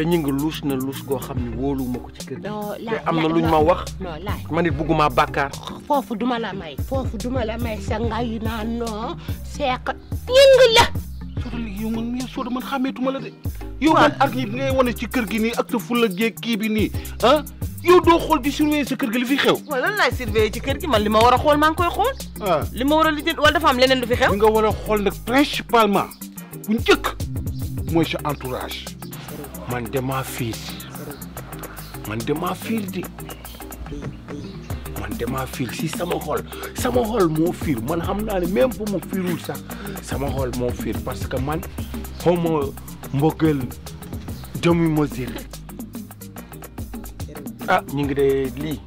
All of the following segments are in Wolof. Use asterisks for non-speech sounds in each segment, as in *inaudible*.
te ñu ngi luus na luus go xamni ne wóoluwuma ko ci kër gi. te am luñ ma wax. ma nit bugguma bàkkaar. foofu duma la may. fofu duma la may sa ngay naa non seq ñing la. soxna yow man mii soo man xamé xàmmeetuma la dé yow man ak yi ngay woné ci kër gi ni ak sa fulla jeeg ki bi ni ah yow do xol di surveiller sa kër gi li fi xew. wala la surveiller ci kër gi man lima wara xol a koy xol lima wara li ma war a ah. wala dafa am leneen du fi xew. nga war xol nak principalement bu njëkk moy sa entourage man ma fiir man ma fils di man ma fiir si sama xol sama xol mo fiir man xamna ni ne même bu ma fiirul sax sama xol mo fiir parce que man homo mbogel demi mozil ah ñi ngi de li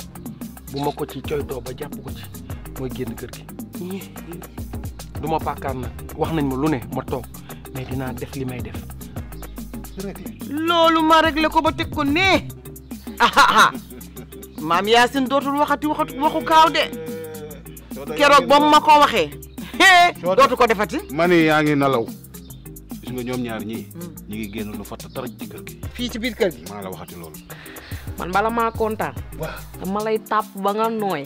bu ma ko ci do ba japp ko ci moy genn kër gi duma wax nañ ma lu ne ma tok mais dina def li def lolou ma réglé ko ba tek ko ne mam maam dotul waxati waxatu waxu kaw de keroog bom mu ma ko waxee ko defati. ma yaangi nalaw gis nga ñom ñaar ñi hmm. ñi ngi génn lu fatta tar ci kër gi. ci biir kër gi la waxati lolou man bala kontan kontaan. dama lay tap ba nga noy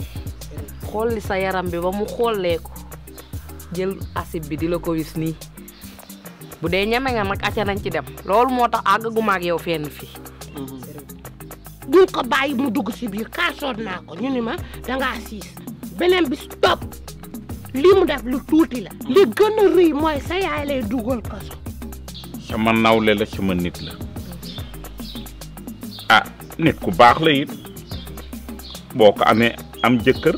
xol li sa yaram bi ba mu ko jël asib bi di ko wis ni bu dee ñeme nga nag acca nañ ci dem loolu moo tax gu ak yow fenn fii duñ mhm. ko bàyyi mu dugg si biir kaasoon naa ko ñu ni ma da dangaa siis beneen bi stop li mu def lu tuuti la li gën a rëy mooy sa yaay lay dugal kaso sama nawle la sama nit la ah nit ku baax la it boo ko amee am jëkkër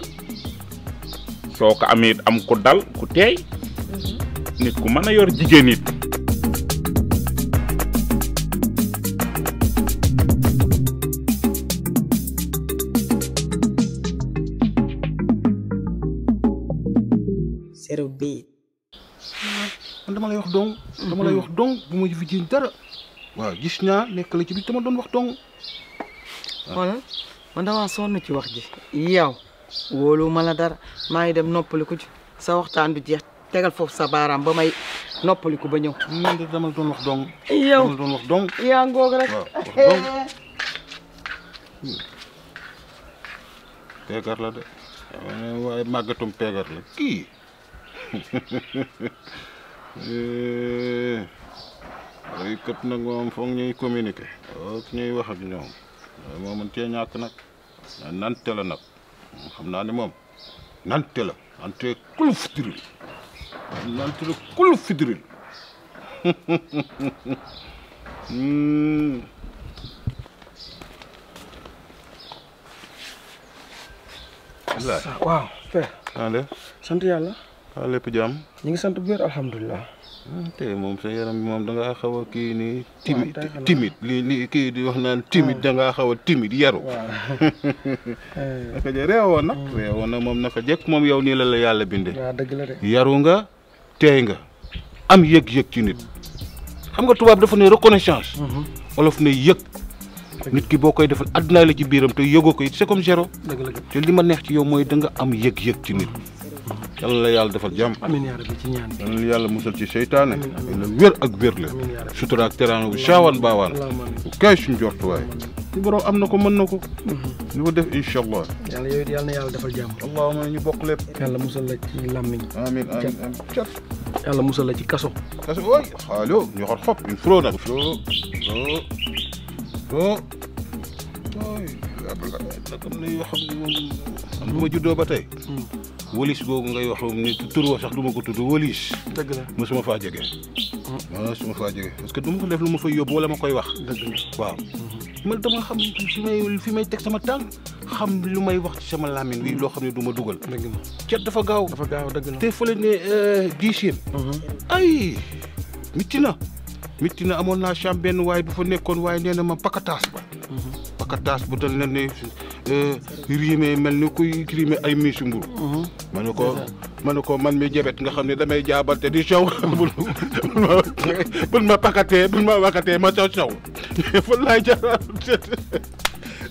soo ko amee it am ku dal ku teey mhm. nit ku mën a yor jigéen it dong bu ma fi jiiñ dara waaw gis naa nekk la ci biir dama doon wax dong. xoolal man damaa sonn ci wax ji. yow wóolu ma la dara maa ngi dem noppaliku ci sa waxtaan du jeex tegal foofu sa baaraam ba may noppaliku ba ñëw. man de dama doon wax dong. yow dama doon wax dong. yaa ngoog rek wax hmm. eh, peegar la kii. *laughs* Eh. béykat nag moom foog ñuy communiquer foog ñuy wax ak ñoom moo mën cee ñàkk nag nante la nag xam naa ne moom nante la nante kul fitiril nante la kul fitiril hmm. waaw fe sant yàlla waaw lépp jàmm ñu ngi sant bu wér Ah, tey moom sa yaram moom danga ngaa xaw a kii nii. timide timide di wax naan timide ah. da ngaa xaw a timide yaru. *laughs* naka jë mm. moom naka jekk moom yow nii la la yàlla bindee. waaw dëgg la yaru nga teey nga am yëg-yëg ci nit. xam nga tubaab dafa ne reconnaissance. wolof mm-hmm. ne yëg. nit ki boo koy defal àdduna la ci biiram te yëgoo ko it c'est comme zéro. dëgg la ma neex ci yow mooy da am yëg-yëg ci nit. Mm-hmm. yàlla la yàlla defal jàmm amiin yaa rabbi ci ñaan bi yàlla yàlla musal ci seytaane la wér ak wér la sutura teraanga bu saawaan baawaan bu kaay suñu jortuwaay su am na ko mën na ko ñu ko def incha allah yàlla yooyu yàlla na yàlla defal jàmm allahuma ñu bokk lépp musal la ci la ci kaso kaso waay xaalo ñu xor xob ñu furoo nag furoo furoo nag am na yoo xam ne moom am na ma ba tey hmm. wëlis googu ngay wax ni tur wa sax du ma ko tudd wëlis. dëgg la mosuma faa jege. Mm. mosuma faa jege parce que du ma ko def lu ma fay yóbbu wala ma koy wax. dëgg waaw. Mm-hmm. man dama xam fi may fi may teg sama tànk xam lu may wax sama làmmiñ wi loo xam ne du ma dugal. dëgg la dafa gaaw. dafa gaaw dëgg la te fële ne dixième. Euh, mm-hmm. ay mitti na. amoon naa champ benn waaye bu fa nekkoon waaye nee ma pakataas ba. Mm-hmm. pakataas bu dal na ne euh, mel ni kuy riime ay miisu mburu ma ne ko ne ko man mi jabet nga xam ne damay jaabante di sow *laughs* bul ma bul ma pakatee ma wakatee ma sow sow fan laay jaar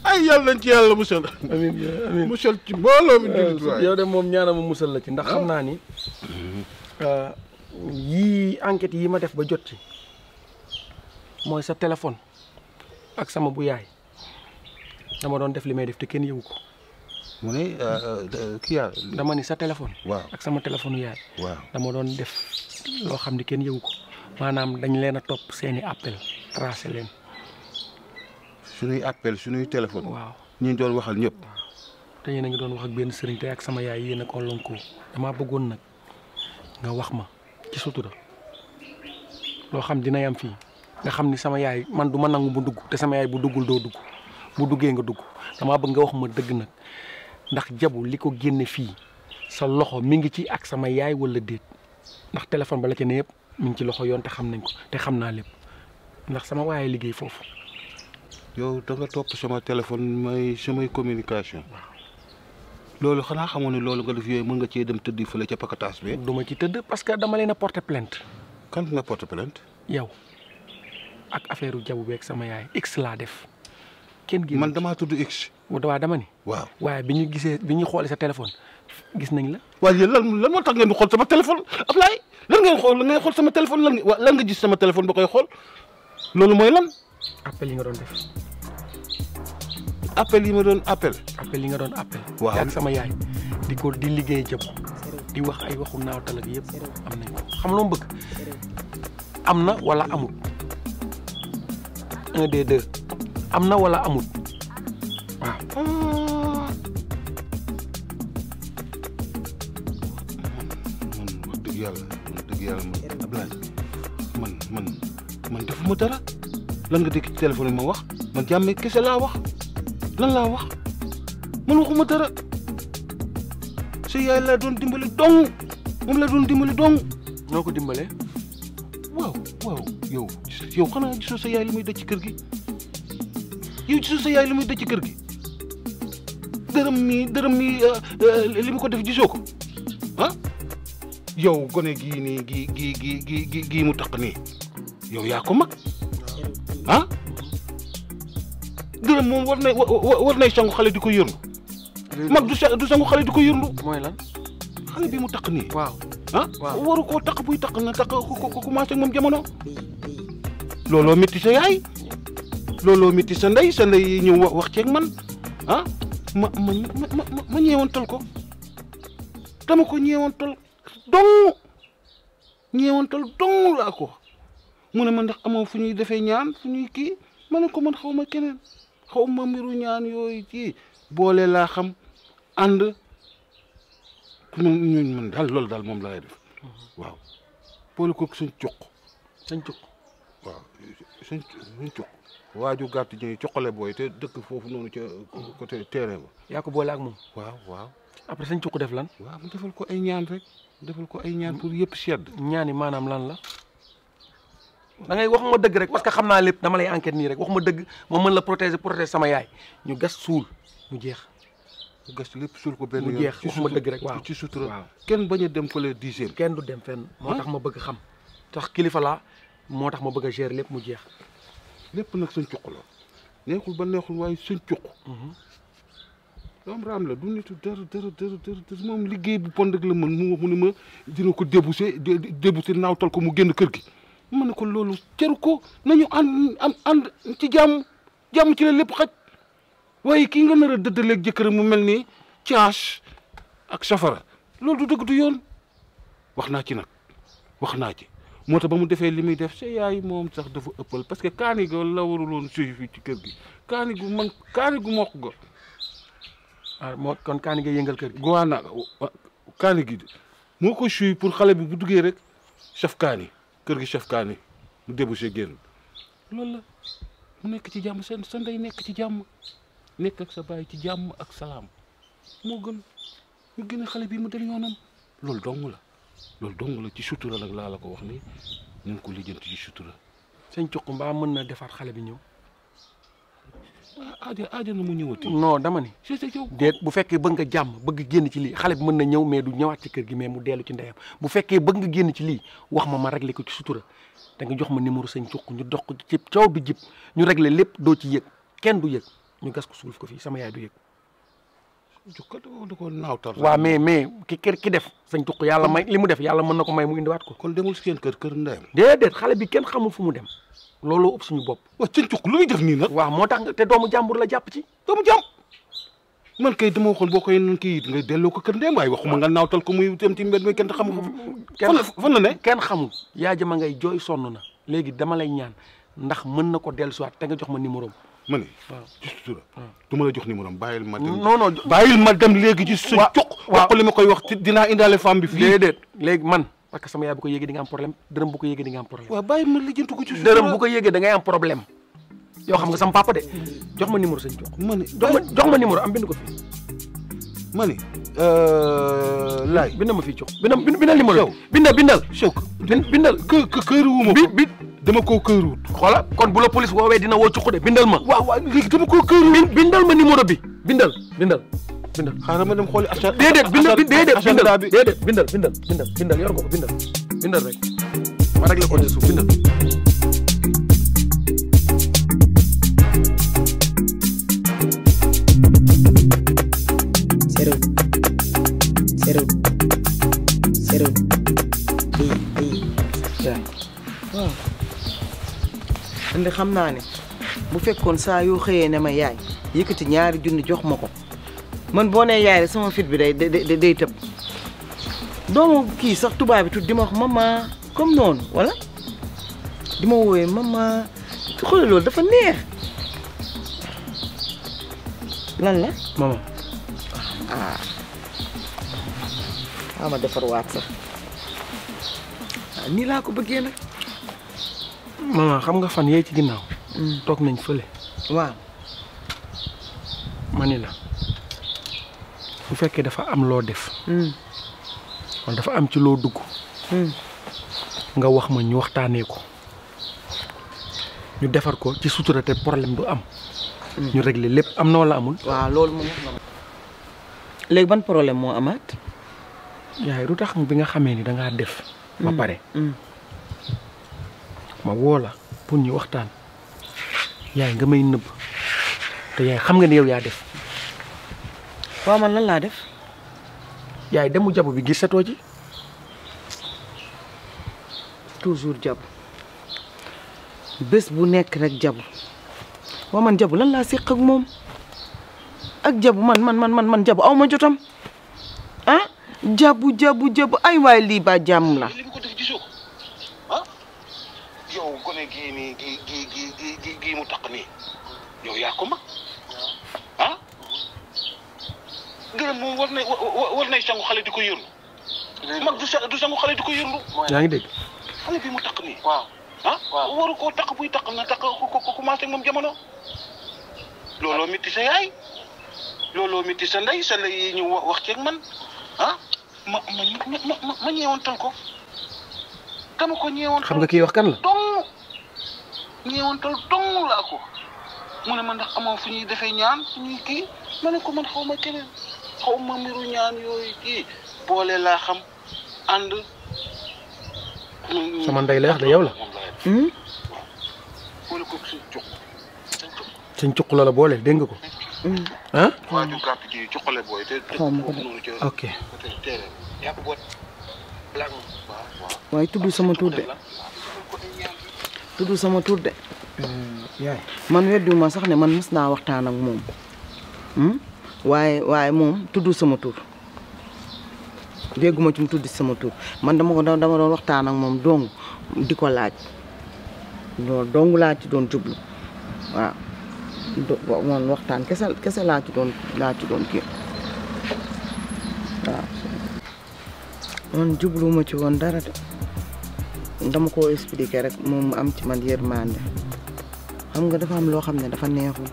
ay yàlla nañ ci yàlla musal. amiin amiin musal ci mbooloo mi. Ah, yow de moom ñaana ma musal la ci ndax xam ah. naa ni ah, yii enquête yi ma def ba jot ci mooy sa téléphone ak sama bu yaay dama doon def li may def te kenn yëgu ko. mu ne eh, eh, kiya dama ni sa telepon waaw ak sama téléphone yaay waaw dama doon def loo xam ne kenn yëgu ko maanaam dañ leen a topp seeni appel tracé leen suñuy appel suñuy téléphone waaw ñi doon waxal ñëpp te yéen a doon wax ak benn sëriñ te ak sama yaay yéen a ko lonko dama bëggoon nag nga wax ma ci sutura xam dina yam nga sama yaay man du nangu dugg te sama yaay bu duggul doo dugg bu duggee nga dugg dama bëgg nga wax ma ndax jabu li ko génne fii sa loxo mi ngi ci ak sama yaay wala déet ndax téléphone ba la ca ne yëpp mu ngi ci loxo yoon te xam nañ ko te xam naa lépp ndax sama waaye liggéey foofu. yow da topp sama téléphone may samay communication. loolu xanaa xamoon ne loolu nga def yooyu mën nga cee dem tëdd la ca pakataas bi. duma ci tëdd parce que dama leen a porté plainte. kan nga porté plainte. yow ak affaire jabu beeg sama yaay x laa def. kenn gi tudd waaw dama ni. waaw waaye bi ñu gisee bi ñu xoolee sa téléphone gis nañ la. waa yéen lan lan moo tax ngeen di xool sama téléphone Ablaye lan ngeen xool lan ngeen sama téléphone lan nga lan gis sama téléphone ba koy xool loolu mooy lan. appel yi nga doon def. yi ma doon appel. appel yi nga doon appel. waaw sama yaay di ko di liggéey jëm di wax ay waxu naaw talak yëpp am nañ ko xam loo bëgg am na wala amut un des am na wala amut. apa? Men, buat tegial, tegial belas. Men, men, men def ma dara. lan nga dégg ci téléphone ma wax man jàmme kese laa wax lan laa wax man waxuma dara sa yaay laa doon dong moom laa doon dimbali dong noo ko dimbalee waaw waaw yow yow xanaa gisoo sa yaay li muy daj ci kër gi yow gisoo sa yaay li dërëm mi dërëm mi euh, euh, li ko def gisoo ko ah yow gone gi nii gi gii gii gii gii mu taq nii yow yaa ko mag ah dërëm moom war nay war na sangu xale di ko yërlu mag du du sangu xale di ko yërlu mooy lan bi mu taq nii waaw ah waru ko taq buy taq na taq ko commencé moom jamono looloo métti sa yaay looloo métti sa ndey sa ndey ñëw wax ceeg man ma ma ma ma ñeewantal ko dama ko ñeewantal dong ñeewantal dong laa ko mu ne man ndax amoo fu ñuy defee ñaan fu ñuy kii ma ko man xaw ma keneen xaw ma mbiru ñaan yooyu ci boole laa xam ànd ñooñu man daal loolu daal moom laay def waaw boole ko suñ cuq suñ cuq waaw suñ cuq waajur gàtt ñooy coqale booy te dëkk foofu noonu ca côté terrain ba. yaa ko boole ak moom. waaw waaw. après sañ cuq def lan. waaw mu defal ko ay ñaan rek. defal ko ay ñaan pour yëpp sedd. ñaani maanaam lan la. da ngay wax ma dëgg rek parce que xam naa lépp dama lay enquête nii rek wax ma dëgg moom mën la protéger protéger sama yaay ñu gas suul mu jeex. mu gas lépp suul ko benn yoon mu jeex wax ma dëgg rek waaw ci sutura kenn bañ a dem fële dixième. kenn du dem fenn. moo tax ma bëgg xam. tax kilifa laa moo tax ma bëgg a lépp mu jeex. lépp nag sëñ cuq la neexul ba neexul waaye sëñ cuq mhm. doom la du nitu dara dara dara moom liggéey bu pond ak la mën mu ne ma dina ko débouché débouché naawtal ko mu génn kër gi ma ne ko loolu ceru ko nañu ànd am ànd ci jàmm jàmm ci la lépp xaj waaye kii nga nar a dëddaleeg jëkkëram mu mel ni caas ak safara loolu du dëgg du yoon wax naa ci nag wax naa ci moo tax ba mu defee li muy def sa yaay moom sax dafa ëppal parce que kaani ga la waruloon suivi fii ci kër gi kaani gu man kaani gu mokk ga. Ah, moo kon kaani ga yëngal kër gi. gowaana kaani gi moo ko suy pour xale bi bu duggee rek chef kaani kër gi chef kaani mu débouché génn loolu mu nekk ci jàmm seen sa ndey nekk ci jàmm nekk ak sa baay ci jàmm ak salaam moo gën mu génne xale bi mu dem yoonam loolu dong la. loolu dong la ci sutura nag laa la ko wax ni ñu ngi ko lijjanti ci sutura. sëñ Cuq mbaa mën na defaat xale bi ñëw. ah aajo aajo na mu ñëwati. non dama ni. déet bu fekkee bëgg nga jàmm bëgg génn ci lii xale bi mën na ñëw mais du ñëwaat ci kër gi mais mu dellu ci ndeyam bu fekkee bëgg nga génn ci lii wax ma ma regle ko ci sutura da nga jox ma numéro sëñ Cuq ñu dox ko ci coow bi jib ñu réglé lépp doo ci yëg kenn du yëg ñu gas ko suuf ko fii sama yaay du yëg. waa mais mais ki kër ki def sañ tuq yàlla may li mu def yàlla mën na ko may mu indiwaat ko kon demul seen kër kër ndeyam déedéet xale bi kenn xamul fu mu dem loolu ëpp suñu bopp waaw sañ tuq lu muy def nii nag waaw moo tax te doomu jàmbur la jàpp ci doomu jàmb man kay dama waxoon boo koy nan kii nga delloo ko kër ndeyam waaye waxuma nga naawtal ko muy dem ci mbed mi kenn xamul ko fan la ne kenn xamul yaa jama ngay jooy sonn na léegi dama lay ñaan ndax mën na ko dellusiwaat te nga jox ma numéro ma ne. waaw ci ma la jox numéro am bàyyil ma dem. non non bàyyil ma dem léegi ci sa. waaw waaw jox li ma koy wax dinaa indaale femme bi fii. déedéet léegi man. parce que sama yaay bu ko yéegee di nga am problème dërëm bu ko yéegee di nga am problème. waaw bàyyi ma lijjanti am problème. yoo papa de jox ma numéro sëñ jox ma jox ma numéro am bind ko ماني لا آه، لاي بنا ما في شوك بنا بنا بنا اللي مولو بنا بنا شوك بنا بنا ك ك كيرو ما بي بي دم كو كيرو خلا كون بلو بوليس واو دينا واو شوك ده بنا ما وا وا دم كو كيرو بنا بنا ما ني مولو بي بنا بنا بنا خارج من خولي أشار ديد بنا بنا ديد بنا ديد بنا بنا بنا بنا يارجو بنا بنا رك ما رجلك قديسو بنا de xam naa ne bu fekkoon saa yoo xëyee ne ma yaay yëkkati ñaari junni jox ma ko man boo nee yaay rek sama fit bi day day day tëb doomu kii sax tubaab bi tudd di wax maman comme noonu wala di ma woowee maman xoolal loolu dafa neex lan la maman ah, ah. ma defar waat sax ah, nii laa ko bëggee maman xam nga fan yee ci ginnaaw. Mm. toog nañ fële. waaw. ma ni la bu fekkee dafa am loo def. Mm. wala dafa am ci loo dugg. Mm. nga wax ma ñu waxtaanee ko ñu defar ko ci sutura te problème du am. ñu régler lépp am na wala amul. waaw loolu léegi ban problème moo amaat. yaay lu tax bi nga xamee ni dangaa def. ba pare. ma woo pour ñu waxtaan yaay nga may nëbb te yaay xam nga ne yow yaa def. waaw man lan laa def. yaay demu jabu bi gisatoo ci. toujours jabu bés bu nekk rek jabu waaw man jabu lan laa séq moom ak jabu man man man man man jabu aw ma jotam ah jabu jabu jabu ay waay lii ba jàmm la. yaa ko mag ah gërëm moom war nay war nay sangu xale di ko yërlu mag du sa du sangu xale di ko yërlu yaa ngi dégg xale bi mu takk nii waaw ah waru koo takk buy takk na takk ko commencé moom jamono lolo métti sa yaay looloo métti sa ndey sa ndey ñu wax ceeg man ah ma ma ma ma ma ñeewantal ko kama ko ñeewantal xam nga kii wax kan la dong ñeewantal dong laa ko mu ne ma ndax amoo fu ñuy defee ñaan fu ñuy kii ma ne ko man xaw ma keneen xaw ma ñaan yooyu kii boole laa xam ànd sama ndey lay wax de yow la hmm? boole ko suñ cuq suñ cuq la la boole dégg ko ah gàtt ji cuqale te tudd sama tur de tudd sama tur de yaay man weddiwuma sax ne man mës naa waxtaan ak moom hmm? waaye waaye moom tudd sama tur dégguma ci mu tudd sama tur man dama ko dama doon waxtaan ak moom dong di ko laaj loolu dong laa ci doon jublu waaw moom waxtaan kese kese ci doon laa ci doon jubluwuma ci woon dara de dama koo expliqué rek moom am ci man yërmande xam nga dafa am loo xam ne dafa neexul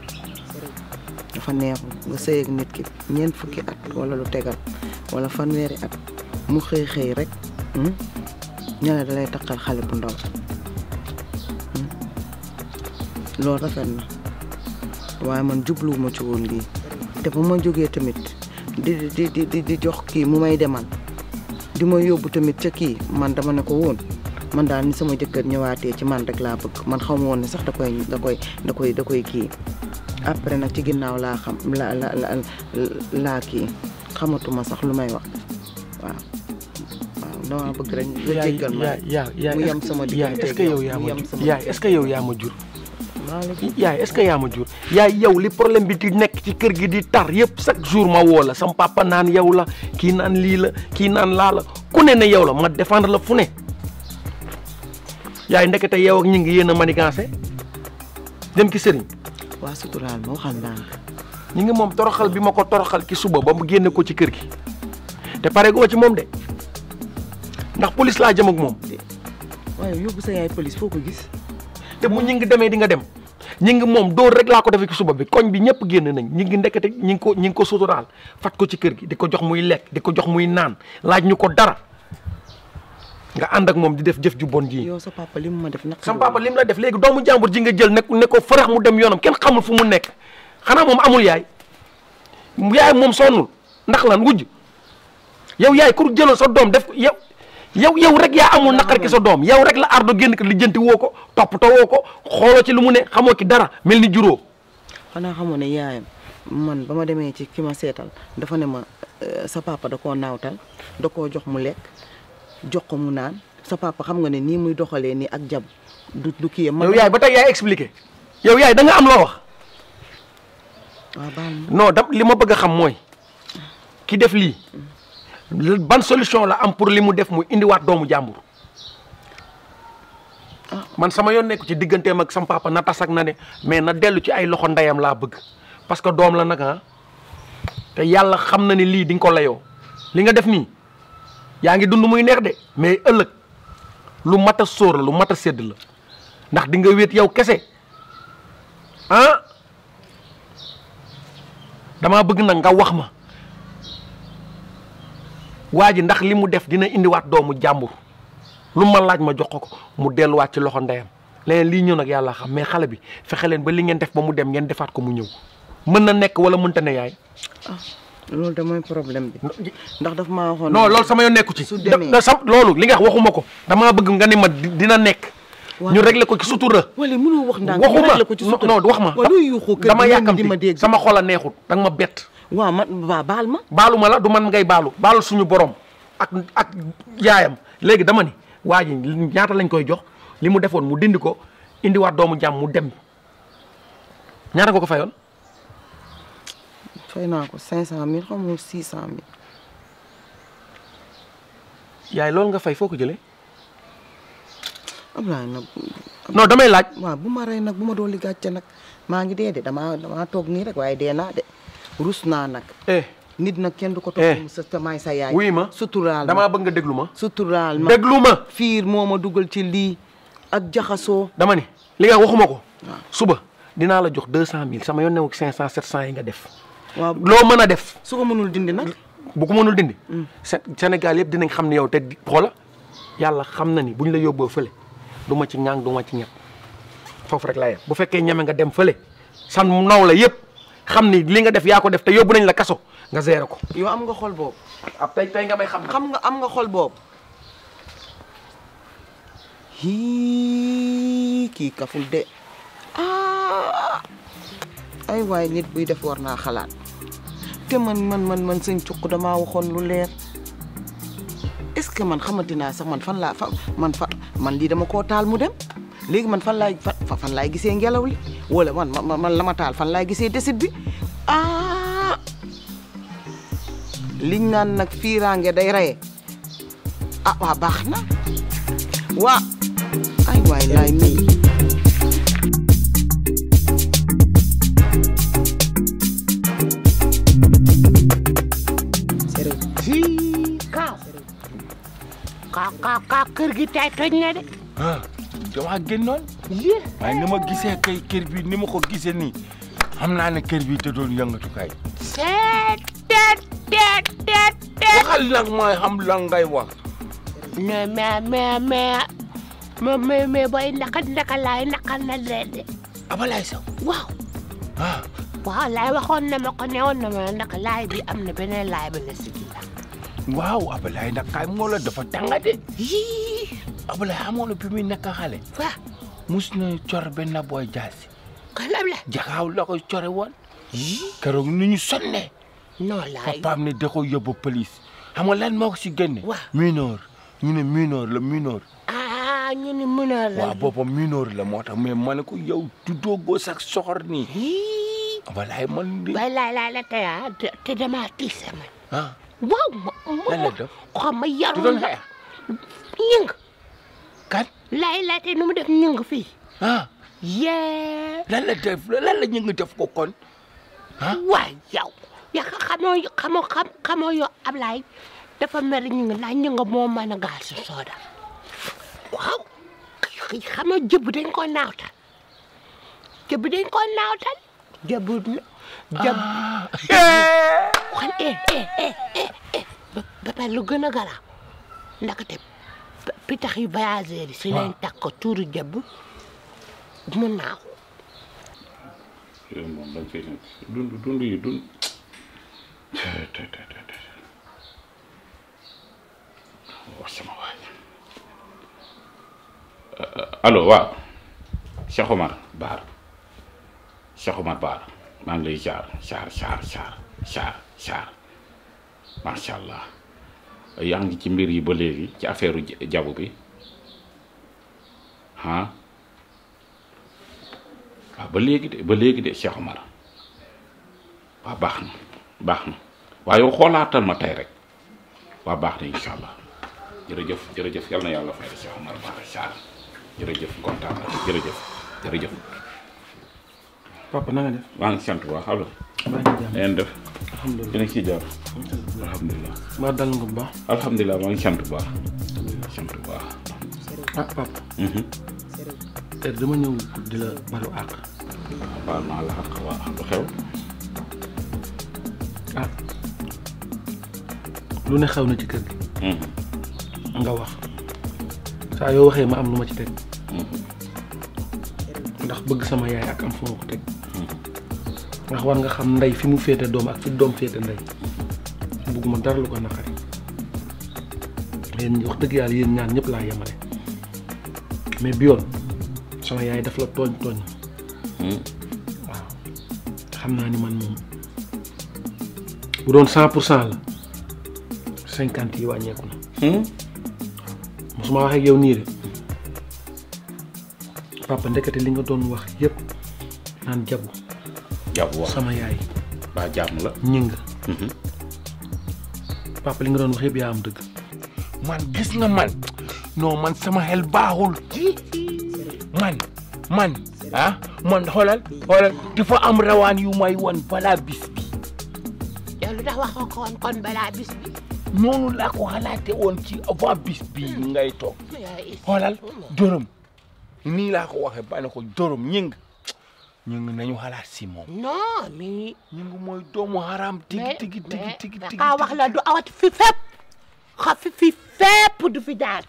dafa neexul nga sëy nit ki ñeent fukki at wala lu tegal wala fanweeri at mu xëy xëy rek hmm, ñala da lay taqal xale bu ndaw hmm. loolu rafet na waaye man jubluwuma ci woon lii te bu ma jógee tamit di di di di jox kii mu may demal di may yóbbu tamit ca kii man dama ne ko woon man daal ni sama jëkkër ñëwaatee ci man rek laa bëgg man xaw ma woon ne sax da koy da koy da koy da koy kii après nag ci ginnaaw laa xam la la laa kii xamatuma sax lu may wax waaw. dama bëgg rek nga jéggal ma yaa yaa mu yem sama diggante est-ce que yow yaa ma jur yaay est-ce que yow yaa jur yaay est-ce que yaa ma jur yaay yow li problème bi di nekk ci kër gi di tar yëpp chaque jour ma woo la sam naan yow la kii naan lii la kii naan laa la ku ne ne yow la ma défendre la fu ne yaay ndekete yow ak ñi ngi yéen manigancé dem ki sëriñ wa sutural mo waxal ndànk ñi mom toroxal bi ko toroxal ki suba ba mu genn ko ci kër gi té paré go ci mom de ndax police la jëm ak moom waaye yóbbu sa yaay police foko gis té mu ñi ngi di nga dem ñi mom do dóor rek la ko def ci suba bi koñ bi ñepp genn nañ ñi ngi ndekete ñi ko ñi ko sutural fat ko ci kër gi diko jox muy lek diko jox muy naan laaj ñuko dara nga ànd ak moom di def jëf ju bon ji. yow sa papa lim ma def nag. sa papa lim la def léegi doomu jàmbur ji nga jël ne ne ko farax mu dem yoonam kenn xamul fu mu nekk xanaa moom amul yaay yaay moom sonnul ndax lan wujj yow yaay ku jëloon sa doom def ko yow yow yow rek yaa amul naqar ki sa doom yow rek la ardo génn ko lijjanti woo ko toppatoo woo ko xooloo ci lu mu ne xamoo ki dara mel ni juróom. xanaa xamoo ne yaayam man ba ma demee ci ki ma seetal dafa ne ma euh, sa papa da koo naawtal da koo jox mu lekk. jox ko mu naan sa papa xam nga ne nii muy doxalee nii ak jab du du kii yaay ba tey yaay expliqué yow yaay danga am loo wax. waaw baal da li ma bëgg a xam mooy ki def lii mm. ban solution la am pour li mu def muy indiwaat doomu jàmbur. Ah. man sama yoon nekk ci digganteem ak sama papa na tas ak na ne mais na dellu ci ay loxo ndeyam laa bëgg parce que doom la nag ah te yàlla xam na ni lii di ko layoo li nga def nii. yaa ngi dund muy neex de mais ëllëg lu mat a sóor la lu mat a sedd la ndax dinga nga wéet yow kese ah damaa bëgg nag nga wax ma waa ji ndax li mu def dina indiwaat doomu jàmbur lu ma laaj ma jox ko mu delluwaat ci loxo ndeyam leneen lii ñëw nag yàlla xam mais xale bi fexe leen ba li ngeen def ba mu dem ngeen defaat ko mu ñëw mën na nekk wala mënta ne yaay ah. loolu de mooy problème bi. ndax daf maa waxoon. sama yoon nekku ci. su demee loolu li nga wax waxuma ko. damaa bëgg nga ni ma dina nekk. ñu réglé ko ci sutura. wala mënoo wax ndànk ñu ko ci sutura non wax ma. dama yàkkamti sama xol a neexut danga ma bett. waaw man waa baal ma. baalu ma la du man ngay baalu. baalu suñu borom ak ak yaayam léegi dama ni waa ji ñaata lañ koy jox li mu defoon mu dindi ko indiwaat doomu jàmm mu dem ñaata nga ko fayoon. fay naa ko cinq cent mille xam nga six yaay loolu nga fay foo ko jëlee Ablaye nag non damay laaj waaw bu ma rey nag bu ma doon li gàcce nag maa ngi dee de damaa damaa toog nii rek waaye dee naa de rus naa nag eh. nit nag kenn du ko toog sa samaay sa yaay wuy ma suturaal damaa bëgg nga déglu ma suturaal ma déglu ma fiir moo ma dugal ci lii ak jaxasoo dama ne li nga waxuma ko suba dinaa la jox deux cent mille sama yoon newu cinq cent sept cent yi nga def lo meuna def. suko meunul dindi nak bu ko meunul dindi. Mm. senegal yeb dinañ xamni yow te xoola yàlla xam na ni buñ la yobbo fele duma ci ñang duma ci ñep foofu rek la yeb bu fekke ñame nga dem fele san naw la yeb xamni li nga def ya ko def te yobbu nañ la kasso nga zéro ko. yow am nga xol bob ab tay tay nga may xam. xam nga am nga xol kaful de ah, ay way nit buy def war te man man man man sëñ Cuq damaa waxoon lu leer est-ce man xamante sax man fan laa fa man fa man lii dama koo taal mu dem léegi man fan laay fa fan laay gisee ngelaw li wala man man la ma taal fan laay gisee desit bi ah liñ naan nag fiiraange day raye ah waa baax na waa ay waay laay mi kaaw kaaw kaaw kër gi tey toj na de. ah damaa génnoon. yéen waaye ni ma gisee kay kër bi ni ma ko gisee nii xam naa ne kër bi te doon yëngatu kay. seet teet teet teet teet. waxal nag mooy xam lan ngay wax. mais mais mais mais moom mais mais booy naka naka laay naka na leen de. Abalaye Sow waaw. ah. waaw laay waxoon na ma ko newoon na ma naka laay bi am na beneen laay ba la si waaw Ablaye nag kaay Ngolo dafa tàngate. yii Ablaye xamoon na bi muy nekk xale. waaw mus na cor benn booy jaasi. xalam la jaxaaw la ko core woon. keroog ni ñu sonne. non laay papaam ne da ko yóbbu police. xam nga lan moo ko si génne. waaw mineur ñu ne mineur la mineur. ah ñu ne mineur la. waaw boppam mineur la moo tax mais ma ne ko yow tuddoo goo sax soxor nii. walaay man. walaay laa la tey ah te damaa tiis sama. Ah. waaw ma ma xam ma yaru doon xeex ñëng kan laay laajte nu mu def ñëng fii ah yee lan la def lan la ñëng ko kon ah waay yow ya xamoo xamoo xam xamoo yow Ablaye dafa mel ni ñëng laa ñëng moo a gaal si sooda waaw xamoo jëbb dañ ko naawtal jëbb dañ ko naawtal jëbb ah. jëbb *laughs* wan eh eh eh eh ba eh, eh. pare lu gën a garaaw ndaxte pitax yu voyageurs yi. si leen takk tuuru jëbb mu naaw. yooyu moom dañ koy dund dund yi dund. waaw oh, sama waay euh, allo waaw Cheikh Omar Baar Cheikh Omar Baar maa ngi lay jaar jaar jaar Sarr macha allah yaa ngi ci mbir yi ba léegi ci affaire jabu bi ah waaw ba léegi de ba léegi de Cheikh Omar waaw baax na baax na waaye yow xoolaatal ma tey rek waa baax na incha allah jërëjëf jërëjëf yal na yàlla fay Cheikh Omar Bara Sarr jërëjëf kontaan na jërëjëf jërëjëf. papa na nga def maa ngi sant waa alhamdulillah la def alhamdulilah ci jaar alhamdulilah maa dal nga baax alhamdulilah maa ngi sant bu baax sant bu baax ah papa dama di la ndax war nga xam ndey fi mu féete doom ak fi doom féete ndey bugguma dara lu ko naqari yéen wax dëgg yàlla yéen ñaan ñëpp laa yemale mais bi yoon sama yaay dafa la tooñ tooñ hmm. waaw xam naa ni man moom bu doon cent pour cent la cinquante yi wàññeeku na hmm? mosuma wax ak yow nii de papa li nga doon wax yëpp naan jabu jaabu waaw sama yaay ba jaam la ñing mhm. papa li nga doon wax yëpp am dëgg man gis nga man no man sama xel baaxul man man ah man xoolal xoolal dafa am rawaan yu may wan balaa bis bi yow lu tax waxoo ko woon kon balaa bis bi noonu laa ko xalaate woon ci avant bis bi mm-hmm. ngay toog xoolal mm-hmm. dërëm nii laa ko waxe ba ne ñing ñu nañu xalaat si moom. non mooy doomu haram. tigi tigi tigi tigi tigi ka wax la du awat fi xa fi fi fépp du fi daat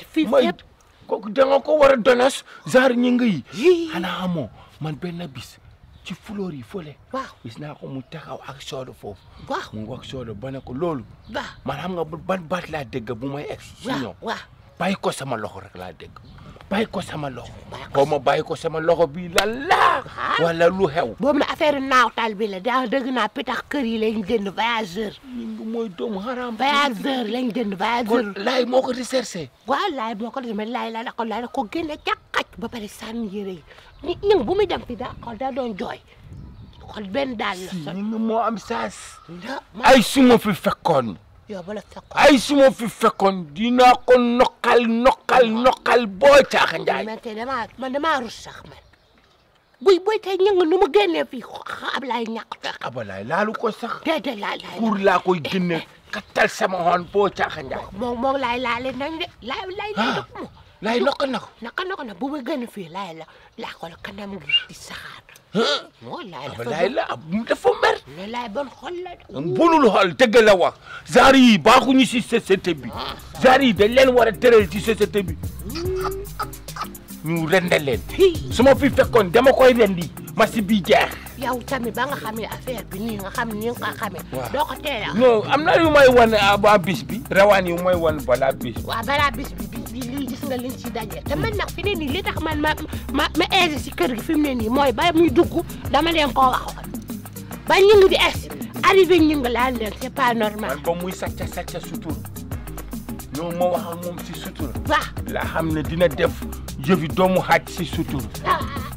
kooku da ko war a donas genre ñu ngi yi. xanaa amoo man benn bis. ci fleur yi fële. waaw gis naa ko mu taxaw ak soodo foofu. waaw mu wax soodo ba ne ko loolu. waaw man xam nga ban baat laa dégg bu may egg. waaw si ñoom bàyyi ko sama loxo rek laa dégg. bàyyi ko sama loxo. boo ma bàyyi ko sama loxo bi la laa. Ah. wala lu xew. boobu na affaire naawtal bi la daa dëgg naa pitax kër yi jënd voyageur. ñun mooy doomu haram. voyageur lañ jënd voyageur. laay moo ko recherché. waaw laay moo ko recherché laay la ko laay la ko génne càqaj ba pare sànni yére yi ni ñun bu muy dem fi doon jooy. xol benn daal la. ñun moo am saas. Ah, ay suma fi fekkoon. yow bala fekkoon ma fi fekkoon dinaa ko nokkal nokkal nokkal booy caaxa njaay. man tey damaa man damaa sax man buy booy tey ñëng nu ma génnee fii Ablaye ñàkk fekk. laalu ko sax. déedéet laay laay kuur laa koy génne laay laale nañ de laay laay ah, laay. laay nokkal na ko. nokkal na ko nag bu fii laay la laa gi di laay ah, la dafa mer laay bon xol la bonul xol dëgg la wax genre yi baaxuñu si société bi ah, genre yi dañ leen war a tëral ci bi hmm. ñu rende leen su ma fi fekkoon dama koy rendi ma si bi jeex yow tamit ba a xamee affaire bi nii nga xam ni nga xamee. waaw doo ko am na yu may wan ah, ba bis bi. rawaan yu may wan balaa bis bi. waaw balaa bi bis bi lii gis nga li daje. te nag fi ne nii li tax man ma ma ma egg si kër gi fi mu ne nii mooy ba muy dugg dama leen ko waxoon ba ñu ngi di egg arrivé ñu ngi laal leen c'est pas normal. man ba muy sàcc sàcc sutur ñoo ma wax ak si sutur. waaw la xam ne dina def yëfi doomu xaaj si sutur. Ah, ah,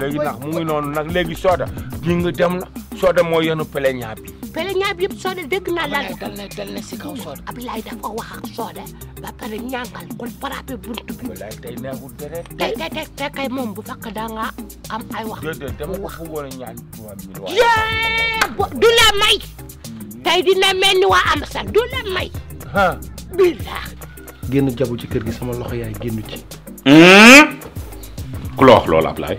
legui nak mu ngi non nak legui soda gi nga dem la soda moo yenu peleñaa bi peleñaa bi yëpp sooda dégg naa laal dal na dal na ci kaw soda abdoulaye dafa wax ak soda ba pare ñangal kon frappé buntu bi wallahi tay neexul dere tay tay tay tay kay mom bu fakk da nga am ay wax de de dem wax bu wona ñaan ci wa wa mi du la may hmm. tay dina mel ni waa am sa du la may ah billaah genn jabu ci kër gi sama loxo yaay genn ci hmm ku lo wax loolu Ablaye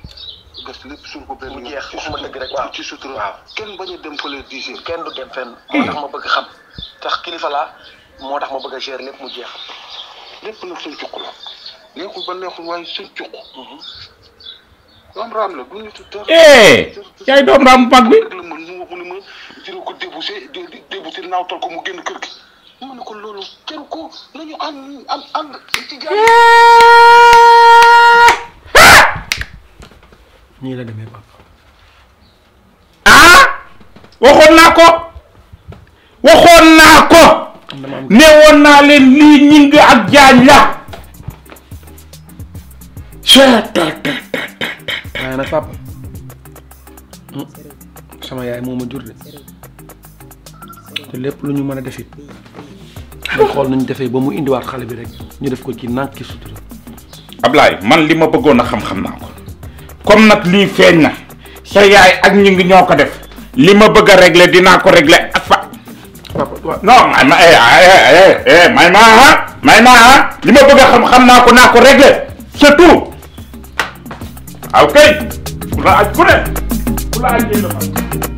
def lépp suur ko benn. mu jeex waxuma dëgg rek waaw ci sutura waaw kenn bañ a dem fële diisee. kenn du dem fenn. moo tax ma bëgg xam. tax kilifa laa moo tax ma bëgg a gérer lépp mu jeex. lépp nag suñ cuq la. neexul ba neexul waaye suñ cuq. Mhm. doom raam la bu ñu tuddee. yaay doom raam pàgg bi. dëgg la man mu wax mu ne ma dina ko débouché débouché naaw tal ko mu génn kër gi. mu ne ko loolu jaru ko nañu am am am ci jàmm. Eh! nii la demee papa. ah waxoon naa ko waxoon naa ko ne woon naa leen lii ñing ak jaañ la. waaye nag papa hmm. sama yaay moo ma jur de te lépp lu ñu mën a def it xool nu ñu defee ba mu indiwaat xale bi rek ñu def ko ci nànk ki sutura. Ablaye man li ma bëggoon a xam-xam naa ko. comme nag lii feeñ na sa yaay ak ñu ngi ñoo ko def li ma bëgg a régler naa ko régler ak fa non may may may li ma bëgg xam xam naa ko naa ko régler surtout ah, ok ku la aj ku ne ku